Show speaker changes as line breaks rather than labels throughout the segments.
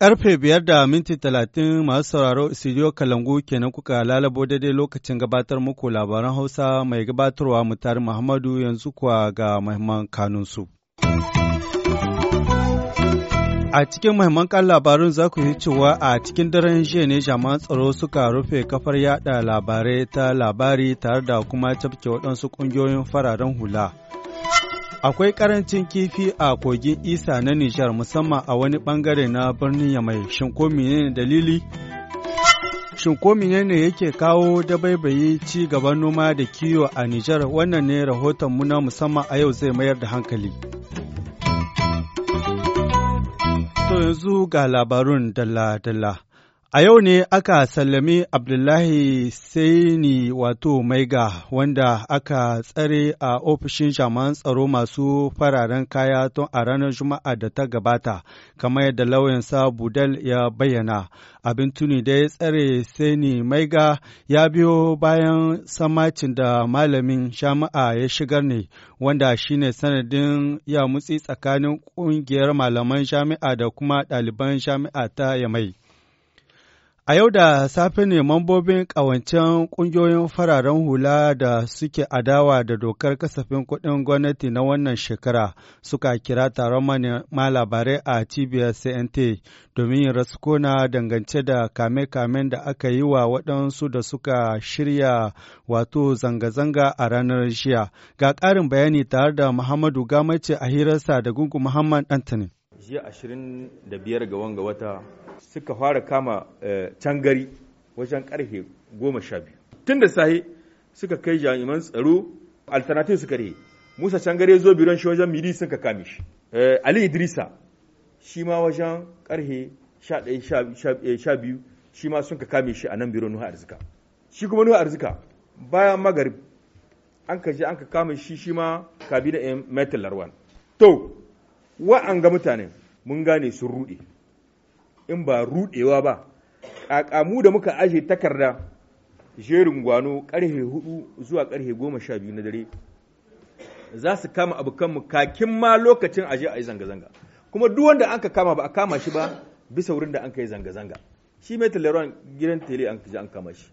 Karfe biyar da minti talatin masu sauraro studio Kalangu kenan kuka lalabo daidai lokacin gabatar muku labaran Hausa mai gabatarwa mutari Muhammadu yanzu kuwa ga mahimman kanunsu. A cikin mahimman kan labarun za ku yi cewa a cikin daren jiya ne tsaro suka rufe kafar yada labarai ta labari tare da kuma tafke waɗansu ƙungiyoyin fararen hula. Akwai ƙarancin kifi a kogin Isa na Nijar musamman a wani ɓangare na birnin Yamai, shinko ko ne, dalili? Shin ko menene yake kawo dabaibayi ci gaban noma da kiwo a Nijar wannan ne rahoton mu na musamman a yau zai mayar da hankali. To yanzu ga labarun dalla-dalla. A yau ne aka sallami Abdullahi Saini wato Maiga wanda aka tsare a ofishin jaman tsaro masu fararen kaya tun a ranar Juma'a da ta gabata, kamar yadda lauyansa Budal ya bayyana. Abin tuni da ya tsare Saini Maiga ya biyo bayan samacin da malamin jami'a ya shigar ne, wanda shine sanadin ya mutsi tsakanin ƙungiyar malaman jami'a da kuma ɗaliban jami'a ta Yamai. A yau da safe ne mambobin ƙawancen ƙungiyoyin fararen hula da suke adawa da dokar kasafin kuɗin gwamnati na wannan shekara suka kira taron ma labarai a cibiyar CNT domin yin raskona dangance da kame-kamen da aka yi wa waɗansu da suka shirya wato zanga-zanga a ranar jiya. Ga ƙarin bayani tare da Muhammadu Gamace a hirarsa da Gungu Muhammad Anthony.
Jiya wata suka fara kama eh, can gari wajen karfe goma sha biyu tun da sahi suka kai jami'an tsaro alternative suka rehe musa can gari zo biron shi wajen midi sun ka kame shi eh, ali idrisa shi ma wajen karfe sha daya eh, sha biyu shi ma sun ka kame shi a nan biron nuhu arzika shi kuma nuhu arzika bayan magarib an ka je an ka kame shi shi ma kabila metal larwan to an ga mutane mun gane sun rude. in ba rudewa ba ƙaƙamu da muka aje takarda jerin gwano ƙarfe hudu zuwa ƙarfe goma sha biyu na dare za su kama mu kakin ma lokacin aje a yi zanga-zanga kuma duk wanda an ka kama ba a kama shi ba bisa wurin da an yi zanga-zanga shi mai talaron gidan tele an kama shi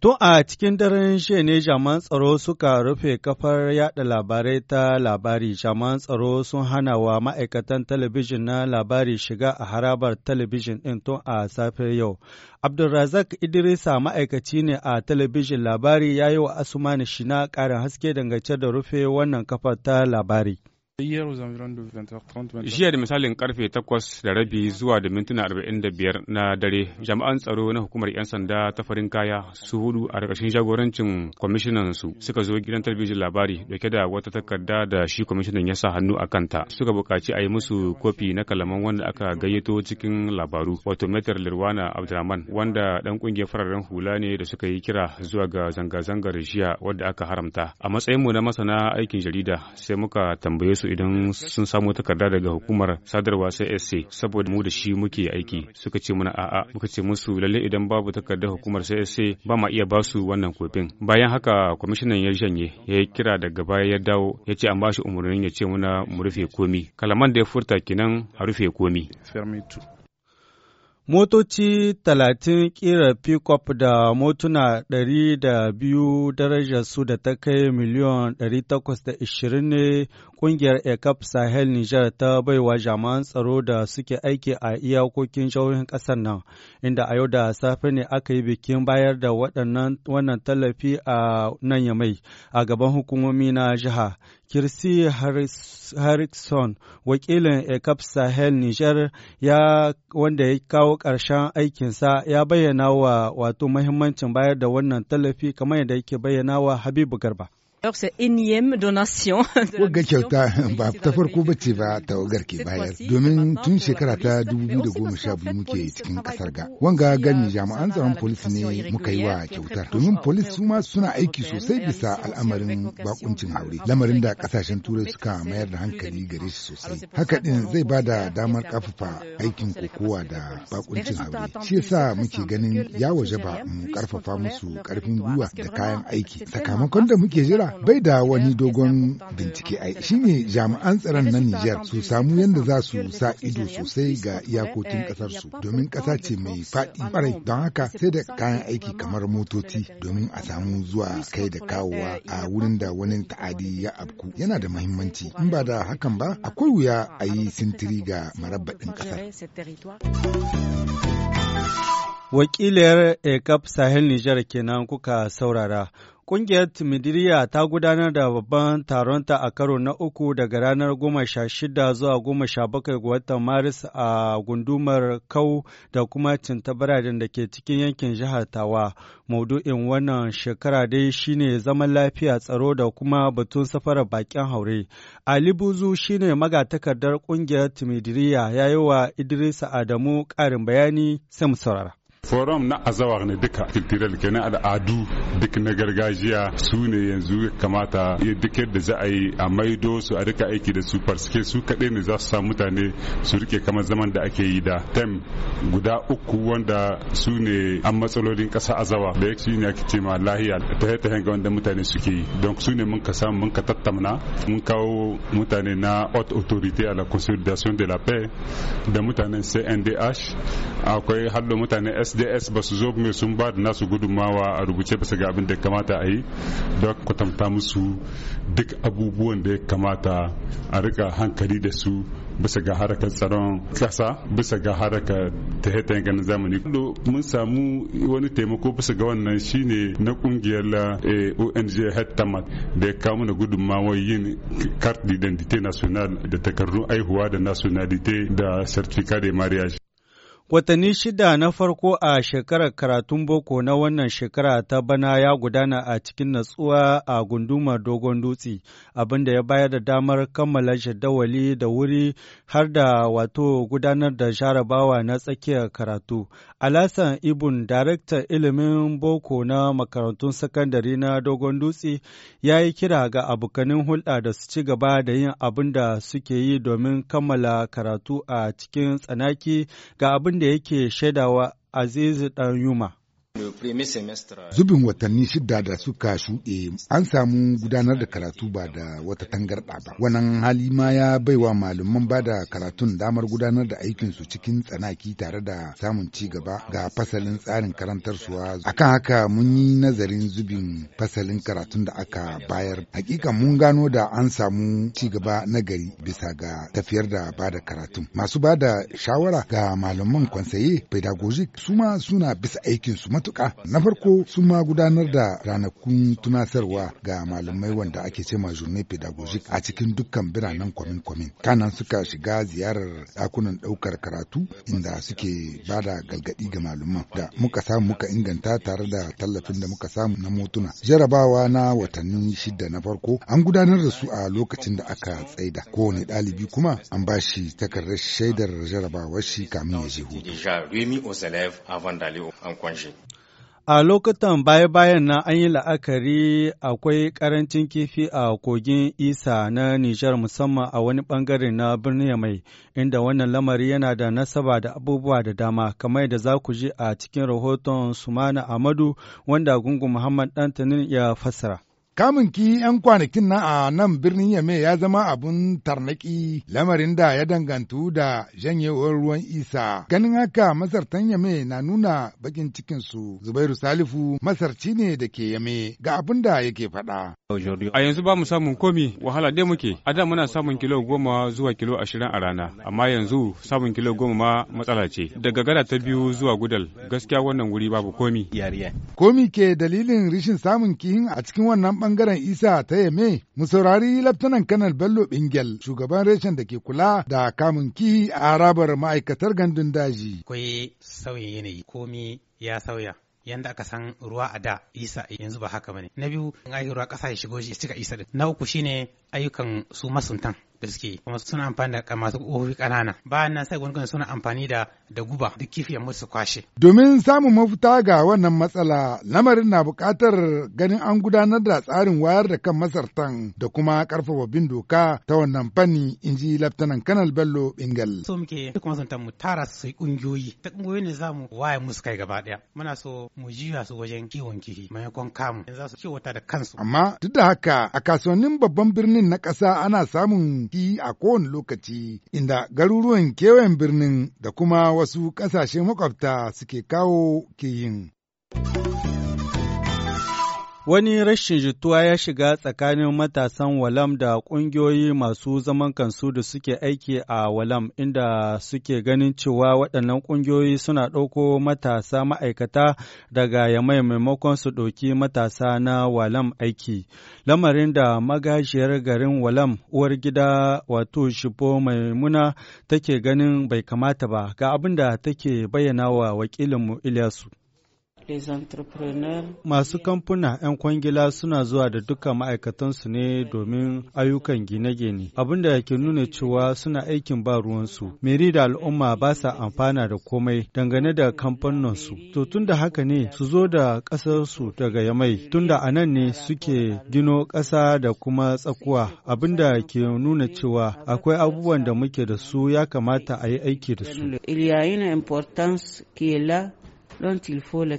Tun a cikin daren shi ne jaman tsaro suka rufe kafar yada labarai ta labari, jaman tsaro sun hana wa ma'aikatan talabijin na labari shiga a harabar talabijin ɗin tun a safe yau. Abdulrazak Idrisa ma'aikaci ne a talabijin labari ya yi wa Asumani Shina ƙarin haske dangance da rufe wannan kafar ta labari.
Jiya
da misalin karfe takwas da rabi zuwa da mintuna arba'in da biyar na dare, jami'an tsaro na hukumar 'yan sanda ta farin kaya su hudu a ƙarƙashin jagorancin kwamishinan su suka zo gidan talabijin labari dauke da wata takarda da shi kwamishinan ya sa hannu a kanta. Suka buƙaci a yi musu kofi na kalaman wanda aka gayyato cikin labaru, wato Metar Lirwana Abdulrahman, wanda ɗan ƙungiyar fararen hula ne da suka yi kira zuwa ga zanga-zangar jiya wadda aka haramta. A matsayin mu na masana aikin jarida sai muka tambaye su idan sun samo takarda daga hukumar sadarwa sai SC saboda mu da shi muke aiki suka ce mana a'a muka ce musu lalle idan babu takarda hukumar sai SC ba ma iya basu wannan kofin bayan haka kwamishinan ya janye ya yi kira daga baya ya dawo ya ce an ba shi umarnin ya ce muna mu rufe komi kalaman da ya furta kinan a rufe komi
Motoci talatin kira pickup da motuna ɗari da biyu darajar su da ta kai miliyon ɗari takwas da ishirin ne Ƙungiyar ECAP Sahel Niger ta baiwa jami'an tsaro da suke aiki a iyakokin jihohin ƙasar nan, inda a yau da safe ne aka yi bikin bayar da waɗannan wannan tallafi a nan yamai a gaban hukumomi na jiha. Kirsi Harrison, wakilin ECAP Sahel Niger ya wanda ya kawo ƙarshen aikinsa ya bayyana wa wato mahimmancin bayar da wannan tallafi kamar yadda yake bayyana
wa Habibu Garba. Wagga kyauta ba ta farko ba ce ba tawagar ke bayar domin tun shekara ta 2012 muke cikin kasar ga. Wanga gani jami'an tsaron polis ne muka yi wa kyautar domin polis su ma suna aiki sosai bisa al'amarin bakuncin aure. lamarin da kasashen turai suka mayar da hankali gare shi sosai. Haka din zai ba da damar kafafa aikin kokowa da bakuncin haure. Shi yasa muke ganin ya waje ba mu karfafa musu karfin gwiwa da kayan aiki. Sakamakon da muke jira bai da wani dogon bincike ai shine jami'an tsaron na Nijar su samu yadda za su sa ido sosai ga iyakokin kasar su domin kasa ce mai faɗi barai don haka sai da kayan aiki kamar motoci domin a samu zuwa kai da eh, kawowa a wurin da wani ta'adi ya afku yana da muhimmanci in ba da hakan ba akwai wuya a yi sintiri ga marabbaɗin ƙasar.
Wakiliyar Ekap Sahel Nijar kenan kuka saurara. Ƙungiyar Timidiriya ta gudanar da babban taronta a karo na uku daga ranar goma sha shida zuwa goma sha bakwai ga watan Maris a gundumar Kau da kuma Cintabiraden da ke cikin yankin jihar Tawa. Maudu'in wannan shekara dai shine zaman lafiya tsaro da kuma batun safarar bakin haure. Ali Buzu shine magatakardar ƙungiyar Timidiriya ya yi wa Idris Adamu ƙarin bayani sai mu saurara.
forum na azawar ne duka cultural kenan al'adu duk na gargajiya su ne yanzu kamata ya duk da za a yi a maido su a duka aiki da su farske su kaɗai ne za su sa mutane su rike kamar zaman da ake yi da tem guda uku wanda su ne an matsalolin ƙasa azawa da ya ne ake ce ma lahiya ta ta hanga wanda mutane suke yi don su ne mun ka samu mun ka tattamna mun kawo mutane na haute autorité à la consolidation de la paix da mutanen cndh akwai hallo mutanen sds ba su zo mai sun ba da nasu gudunmawa a rubuce su ga abin da kamata a yi don kwatanta musu duk abubuwan da ya kamata a rika hankali da su bisa ga harakar tsaron kasa bisa ga harakar ta ganin zamani mun samu wani taimako bisa ga wannan shine na kungiyar eh, ONG hettamat da ya kawo mana gudunmawa yin carte d'identité nationale da takardun aihuwa da nationalité da certificat de mariage Watanni shida
na farko a shekarar karatun boko na wannan shekara ta bana ya gudana a cikin natsuwa a gundumar dogon dutse, abinda ya bayar da damar kammala jadawali da wuri har da wato gudanar da jarabawa na tsakiyar karatu. Alasan Ibun, daraktan ilimin boko na makarantun sakandare na dogon dutse, ya yi kira ga abokanin hulɗa da su ci gaba da yin abin da suke yi domin kammala karatu a cikin tsanaki ga abin da yake shaidawa Azizu Ɗanyuma.
Eh,
zubin watanni shida da suka shuɗe an samu gudanar da karatu ba da wata tangarɗa ba. Wannan hali ma ya baiwa malaman ba da karatun damar gudanar da aikinsu cikin tsanaki tare da samun ci gaba ga fasalin tsarin karantar karantarsuwa. Akan haka mun yi nazarin zubin fasalin karatun da aka bayar. Hakika mun gano da an samu ci gaba na gari bisa ga tafiyar da ba da karatun. Masu ba da shawara ga malaman kwansaye pedagogic su ma suna bisa aikinsu matuƙa. mawaka. Na farko sun ma gudanar da ranakun tunatarwa ga malamai wanda ake cema journée pédagogique a cikin dukkan biranen kwamin-kwamin. Kanan suka shiga ziyarar dakunan ɗaukar karatu inda suke ba da galgadi ga malaman da muka samu muka inganta tare da tallafin da muka samu na motuna. Jarabawa na watanni shida na farko an gudanar da su a lokacin da aka tsaida. Kowane ɗalibi kuma an ba shi takardar shaidar jarabawar shi kamin ya je hutu. A lokutan baya-bayan nan an yi la'akari
akwai ƙarancin kifi a kogin Isa na Nijar musamman a wani ɓangare na birnin mai, inda wannan lamari yana da nasaba da abubuwa da dama, kamar da za ku ji a cikin rahoton Sumana Amadu wanda Gungu Muhammad Dantanin ya fassara.
Kamun ki 'yan kwanakin nan a nan birnin Yame ya zama abun tarnaki lamarin da ya dangantu da janyewar ruwan isa. Ganin haka masartan Yame na nuna bakin cikin su Zubairu Salifu masarci ne da ke Yame ga abin da yake faɗa.
A yanzu ba mu samun komi wahala dai muke, a da muna samun kilo goma zuwa kilo ashirin a rana, amma yanzu samun kilo goma ma matsala ce. Daga gada ta biyu zuwa gudal gaskiya wannan wuri babu komi.
Komi ke dalilin rishin samun kihin a cikin wannan bangaren Isa ta Yame, mu saurari Laftanan Kanar Bello Bingel, shugaban reshen da ke kula da kamun kihi a harabar ma'aikatar gandun daji.
Kwai sauyin yanayi, komi ya sauya. yanda aka san ruwa a da isa yanzu ba haka bane na biyu in ayi ruwa kasa ya shigo shi cika isa din na uku shine ayyukan su masuntan da suke kuma suna
amfani da masu ƙofofi ƙanana bayan nan sai gwamnati suna amfani da da guba duk kifiyan musu kwashe.
Domin samun mafuta ga wannan matsala lamarin na buƙatar ganin an gudanar da tsarin wayar da kan masartan da kuma ƙarfafa bin doka ta wannan fanni in ji Laftanan Kanal Bello Bingal.
So muke kuma sun mu tara su yi ƙungiyoyi ta ƙungiyoyi ne za mu waye musu kai gaba ɗaya muna so mu jiya su wajen kiwon kifi maimakon kamu yanzu za su kiwata da kansu.
Amma duk da haka a kasuwannin babban birnin na ƙasa ana samun Kanti a kowane lokaci, inda garuruwan kewayen birnin da kuma wasu ƙasashe makwabta suke kawo ke yin.
Wani rashin jituwa ya shiga tsakanin matasan Walam da ƙungiyoyi masu zaman kansu da suke aiki a Walam, inda suke ganin cewa waɗannan ƙungiyoyi suna ɗauko matasa ma'aikata daga yamai maimakon su ɗauki matasa na Walam aiki. Lamarin da magajiyar garin Walam, uwar gida wato Shifo Maimuna take ganin bai kamata ba, ga abin da take bayyana wa wakilinmu Ilyasu. Masu kamfuna 'yan kwangila suna zuwa da dukkan ma'aikatansu ne domin ayyukan gine-gine, abin da ke nuna cewa suna aikin ba ruwansu. Meri da al'umma ba sa amfana da komai dangane da kamfanonsu. To tun da haka ne su zo da ƙasarsu daga yamai, tun da anan ne suke gino ƙasa da kuma tsakuwa, abin da ke nuna cewa akwai abubuwan da muke da su ya kamata a yi aiki da su. don tilfol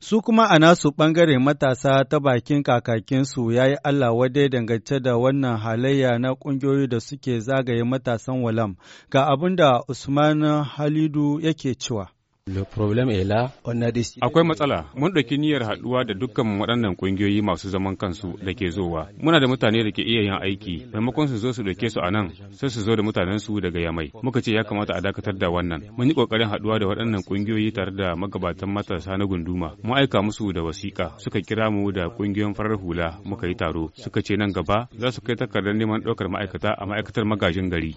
Su kuma a nasu ɓangare matasa ta bakin kakakinsu ya yi Allah wadai dangance da wannan halayya na ƙungiyoyi da suke zagaye matasan walam, ga abin da Usman Halidu yake cewa.
Akwai matsala, mun ɗauki niyyar haɗuwa da dukkan waɗannan ƙungiyoyi masu zaman kansu da ke zowa. Muna da mutane da ke iya yin aiki, maimakon su zo su ɗauke su a nan, sai su zo da mutanensu daga Yamai. Muka ce ya kamata a dakatar da wannan. Mun yi ƙoƙarin haɗuwa da waɗannan ƙungiyoyi tare da magabatan matasa na gunduma. Mun aika musu da wasiƙa, suka kira mu da ƙungiyoyin farar hula, muka yi taro. Suka ce nan gaba za su kai takardar neman ɗaukar ma'aikata a ma'aikatar magajin gari.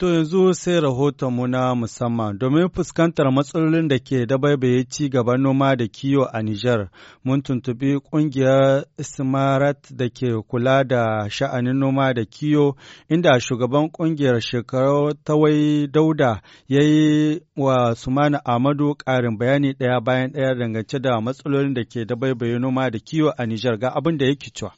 To yanzu sai rahotonmu na musamman domin fuskantar matsalolin da ke dabaibaye ci gaban noma da kiwo a Nijar. Mun tuntubi ƙungiyar Ismarat da ke kula da sha'anin noma da kiwo inda shugaban ƙungiyar shekaru tawai dauda ya yi wa Sumana Amadu ƙarin bayani ɗaya bayan ɗaya dangance da matsalolin
da ke dabaibaye noma da kiwo a Nijar ga abin da yake cewa.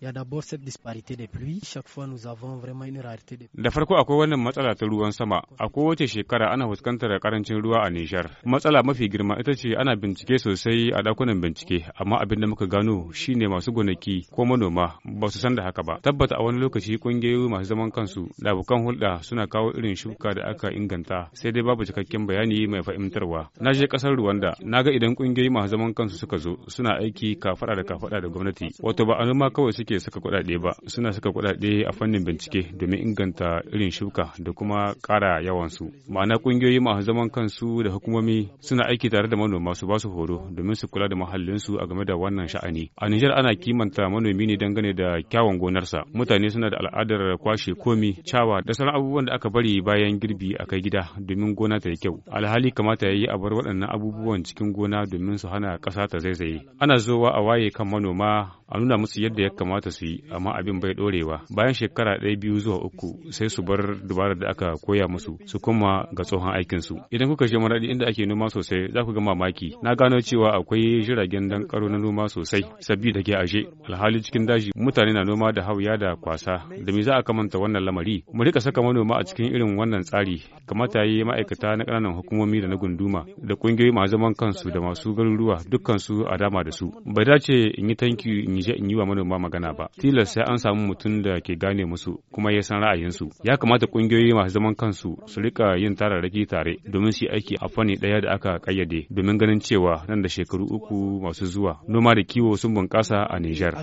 Il y a d'abord cette disparité des pluies. Chaque fois, nous avons vraiment une rareté de
Da farko akwai wannan matsala ta ruwan sama. A kowace shekara ana fuskantar karancin ruwa a Nijar. Matsala mafi girma ita ce ana bincike sosai a dakunan bincike, amma abin da muka gano shine masu gonaki ko manoma ba su san da haka ba. Tabbata a wani lokaci kungiyoyi masu zaman kansu da abokan hulɗa suna kawo irin shuka da aka inganta, sai dai babu cikakken bayani mai fahimtarwa. Na je ƙasar Rwanda, na ga idan kungiyoyi masu zaman kansu suka zo, suna aiki kafaɗa da kafada da gwamnati. Wato ba a noma kawai suke. suke saka kuɗaɗe ba suna saka kudade a fannin bincike domin inganta irin shuka da kuma yawan yawansu ma'ana ƙungiyoyi masu zaman kansu da hukumomi suna aiki tare da manoma su ba su horo domin su kula da su a game da wannan sha'ani a Nijar ana kimanta manomi ne dangane da kyawun gonarsa mutane suna da al'adar kwashe komi cawa da sauran abubuwan da aka bari bayan girbi a kai gida domin gona ta yi kyau alhali kamata ya yi a bar waɗannan abubuwan cikin gona domin su hana ƙasa ta zaizaye ana zowa a waye kan manoma a nuna musu yadda ya kamata kamata su yi amma abin bai dorewa bayan shekara ɗaya biyu zuwa uku sai su bar dubarar da aka koya musu su kuma ga tsohon aikin su idan kuka je maradi inda ake noma sosai za ku ga mamaki na gano cewa akwai jiragen dan karo na noma sosai sabbi da ke ashe alhali cikin daji mutane na noma da hauya da kwasa da me za a kamanta wannan lamari mu rika saka manoma a cikin irin wannan tsari kamata yi ma'aikata na ƙananan hukumomi da na gunduma da ƙungiyoyi masu zaman kansu da masu garuruwa dukkansu su a dama da su bai dace in yi tanki in yi wa manoma magana magana ba tilas sai an samu mutum da ke gane musu kuma ya san ra'ayinsu ya kamata ƙungiyoyi masu zaman kansu su rika yin tararraki tare domin su yi aiki a fanni ɗaya da aka kayyade domin ganin cewa nan da shekaru uku masu zuwa noma da kiwo sun bunƙasa a Nijar.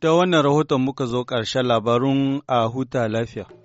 ta
wannan rahoton muka zo ƙarshen labarun a huta lafiya.